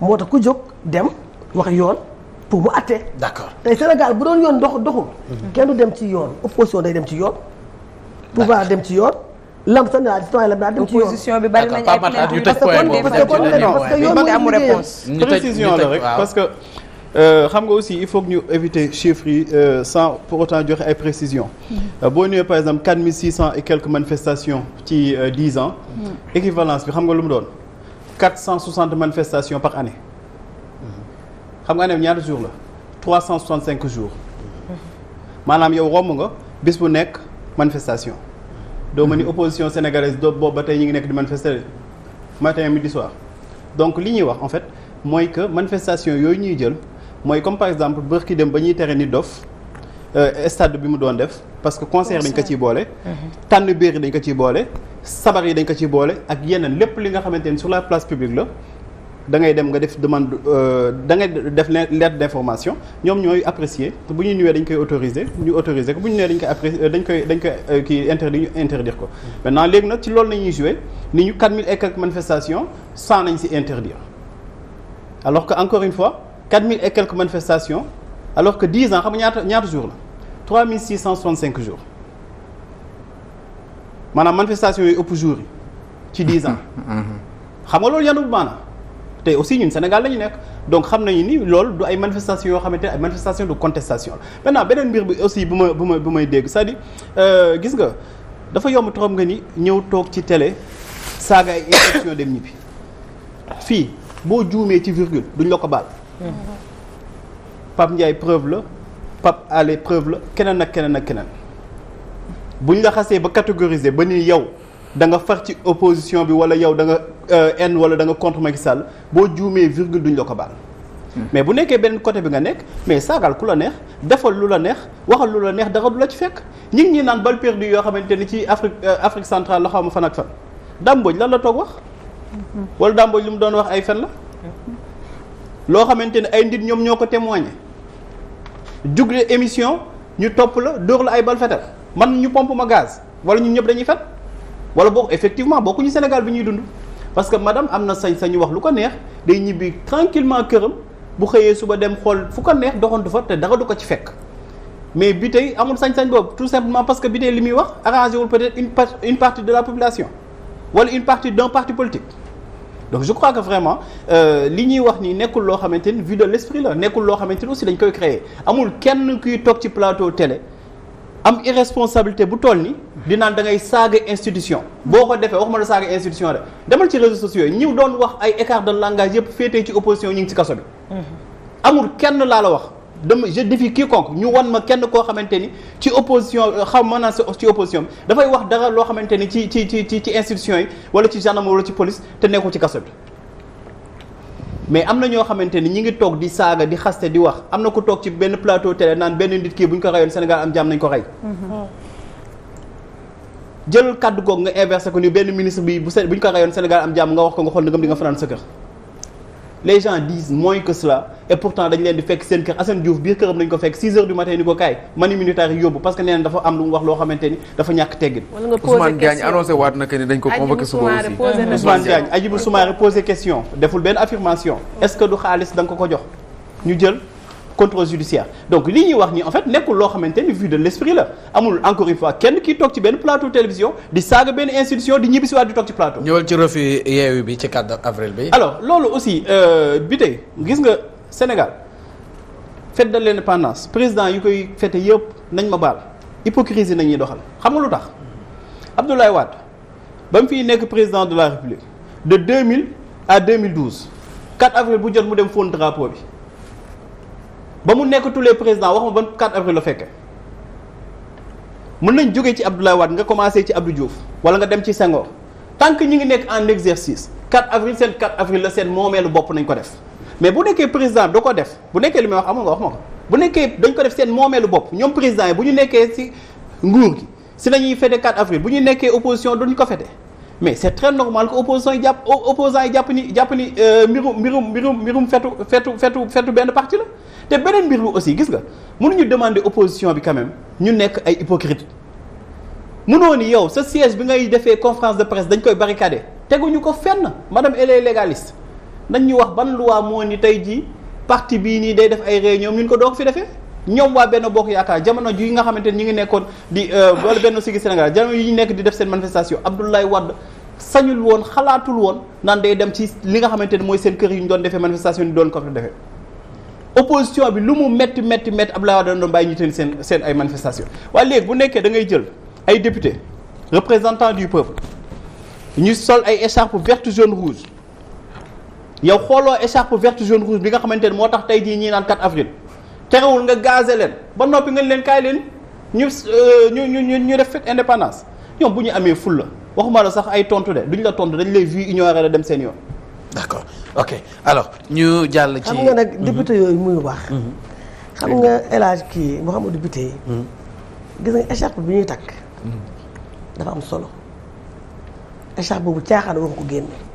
moo tax ku jóg dem wax yoon pour mu àtte. d'accord tey Sénégal bu doon yoon dox doxul. Mhm. kenn du dem ci yoon opposition day dem ci yoon. pouvoir dem ci yoon. lam sa naa citoyen lam naa dem ci yoon opposition bi que yoon la parce que euh, xam nga aussi il faut que ñu éviter chiffres yi euh, sans pour autant joxe ay précision mhm. euh, boo ñëwee par exemple 4600 et quelques manifestations ci 10 ans. Mhm. équivalence bi xam nga lu mu doon. 460 manifestations par année xam nga année ñaata jour la 365 jours maanaam yow romb nga bis bu nekk manifestation doo ma ni opposition sénégalaise doo boobu ba tey ñu ngi nekk di manifester matin midi soir donc li ñuy wax en fait mooy que manifestation yooyu ñuy jël mooy comme par exemple bërki dem ba ñuy tere ni dof Euh, stade bi mu doon def parce que concert dañ ko ciy boole. tànn biir yi dañ ko ciy boole. sabar yi dañ ko ciy boole ak yeneen lépp li nga xamante ni sur la place publique la da ngay nga def demande euh, da ngay def lettre d'information ñoom ñooy apprécier bu ñu ñëwee dañ koy autoriser ñu autoriser bu ñu nee dañ koy apprécier euh, dañ koy dañ koy kii interdit ñu ko. maintenant léegi nag ci loolu la ñuy joué ni ñu 4000 et quelques manifestations sans nañ si interdire alors que encore une fois 4000 et quelques manifestations alors que 10 ans xam ñaata ñaata jour la. 3665 jours maanaam manifestation yi ëpp jours yi ci 10 ans. xam nga loolu yanu bu maanaam te aussi ñun senegal la nekk donc xam nañu ni lool du ay manifestation yoo xamante ne ay manifestation de contestation la maintenant beneen mbir bi aussi bu ma bu ma bu may dégg cest à euh, gis nga dafa yomb trop nga ni ñëw toog ci télé saaga ay infection dem ñibbi fii boo juumee ci virgule duñ la ko baal mm-hmm. Pape Ndiaye preuve la Pape à l'épreuve la keneen ak keneen ak keneen bu ñu laxasee ba catégoriser ba ni yow da nga far ci opposition bi wala yow da nga euh, haine wala da nga contre Macky boo juumee virgule duñ la ko baal. Hmm. mais bu nekkee benn côté bi nga nekk mais saagal ku la neex defal lu la neex waxal lu la neex dara du la ci fekk ñi ngi ñuy naan balle yoo xamante ni ci Afrique euh, Afrique centrale la xaw ma fan ak fan dàmbooj lan la toog wax. Hmm. wala dàmbooj lu mu doon wax ay fen la. Hmm. loo xamante ne ay nit ñoom ñoo ko témoigner. jug jugle émission ñu topp la dóor la ay bal fetal man ñu pompe ma gaz wala ñun ñëpp dañuy fet boo boog effectivement ñu Sénégal bi ñuy dund parce que madame am na sañ-sañu wax lu ko neex day ñibbi tranquillement këram bu xëyee suba dem xool fu ko neex doxantu fa te dara du ko ci fekk mais bi tey amul sañ-sañ boobu tout simplement parce que bi li muy wax arrangé wul peut-être une une partie de la population wala une partie d'un parti politique donc je crois que vraiment euh, li ñuy wax ni nekkul loo xamante ni vue de l'esprit la nekkul loo xamante ni aussi dañ koy créer amul kenn kuy toog ci plateau télé am irresponsabilité bu toll ni di naan da ngay saaga institution boo ko defee waxuma la saaga institution rek demal ci réseaux sociaux yi ñi doon wax ay écart de langage yëpp féetee ci opposition ñu ngi ci kaso bi mm-hmm. amul kenn laa la wax dem dama je défie quiconque ñu wan ma kenn koo xamante ni ci opposition euh, xaw ma naan ci opposition bi dafay wax dara loo xamante ni ci ci ci ci institution yi wala ci gendarmerie wala ci police te nekkul ci kaso bi mais am na ñoo xamante ni ñi ngi toog di saaga di xaste di wax am na ku toog ci benn plateau télé naan benn nit kii bu ñu ko reyoon Sénégal am jàmm nañ ko rey. Mm-hmm. jël kàddu googu nga inversé ko ni benn ministre bi bu bu ko reyoon Sénégal am jàmm nga wax ko nga xool ndëgam di nga fanaan sa kër que cela. et pourtant dañ leen di fekk seen kër Assane Diouf biir këram lañ ko fekk 6 heures du matin ni ko kaay mani militaire yi yóbbu parce que nee dafa am lu mu wax loo xamante dafa ñàkk teggin Ousmane Diagne annoncé waat na que question deful benn affirmation est-ce que du xaalis da ko jox ñu jël contrôle judiciaire donc li ñuy wax ni en fait nekkul loo xamante ni vue de l'esprit la amul encore une fois kenn kii toog ci benn plateau télévision di saaga benn Sénégal fête de l'indépendance président yi koy fête yëpp nañ ma baal hypocrisie nañuy doxal xam nga lu tax Abdoulaye Wade ba mu fiy nekk président de la République de 2000 à 2012 4 avril bu jot mu dem fóon drapeau bi ba mu nekk tous les présidents wax ma ban 4 avril la fekkee mën nañ jógee ci Abdoulaye Wade nga commencé ci Abdou Diouf wala nga dem ci Senghor tant que ñi ngi nekk en exercice 4 avril seen 4 avril la seen moomeelu bopp nañ ko def. mais bu nekkee président da ko def bu nekkee li may wax amul nga wax ma ko bu nekkee dañ ko def seen moomeelu bopp ñoom président yi bu ñu nekkee ci nguur gi si la ñuy fête 4 avril bu ñu nekkee opposition duñ ko fête mais c' est très normal que opposition yi jàpp opposants yi jàpp ni jàpp ni euh, mbirum mbirum mbirum mbirum fetu fetu fetu la te beneen bi aussi gis nga mënuñu demander opposition bi quand même ñu nekk ay hypocrite mënoo ni yow sa siège bi ngay defee conférence de presse dañ koy barricader teguñu ko fenn madame elle est légaliste nañ ñu wax ban loi moo ni tey jii parti bii nii day def ay réunion ñun ko doo doog fi defee ñoom waa benn bokk yaakaar jamono yi nga xamante ni ñu ngi nekkoon di euh, wala benn sigi Sénégal jamono yi ñu nekk di def seen manifestation Abdoulaye Wade sañul woon xalaatul woon naan day dem ci li nga xamante ni mooy seen kër yi ñu doon defee manifestation ni doon ko fi defee opposition bi lu mu métti métti métti Abdoulaye Wade doon bàyyi ñu teen seen seen ay manifestation waaye bu nekkee ngay jël ay député représentant du peuple ñu sol ay écharpe verte jaune rouge yow xooloo écharpe verte jaune rouge bi nga xamante ne moo tax tey jii ñii naan 4 avril terewul nga gazé leen ba noppi nga leen kaay leen ñu euh, ñu ñu ñu def fête indépendance ñoom bu ñu amee fulla waxuma la sax ay tontu de duñu la tontu dañ lay vu ignorer la dem seen yoon. d'accord ok alors ñu jàll ci. xam nga nag mhm. député yooyu muy wax. Mhm. xam nga El Hadj kii Mouhamadou Biteye. Mhm. gis nga écharpe bi ñuy takk. dafa am solo écharpe boobu caaxaan waru ko génne.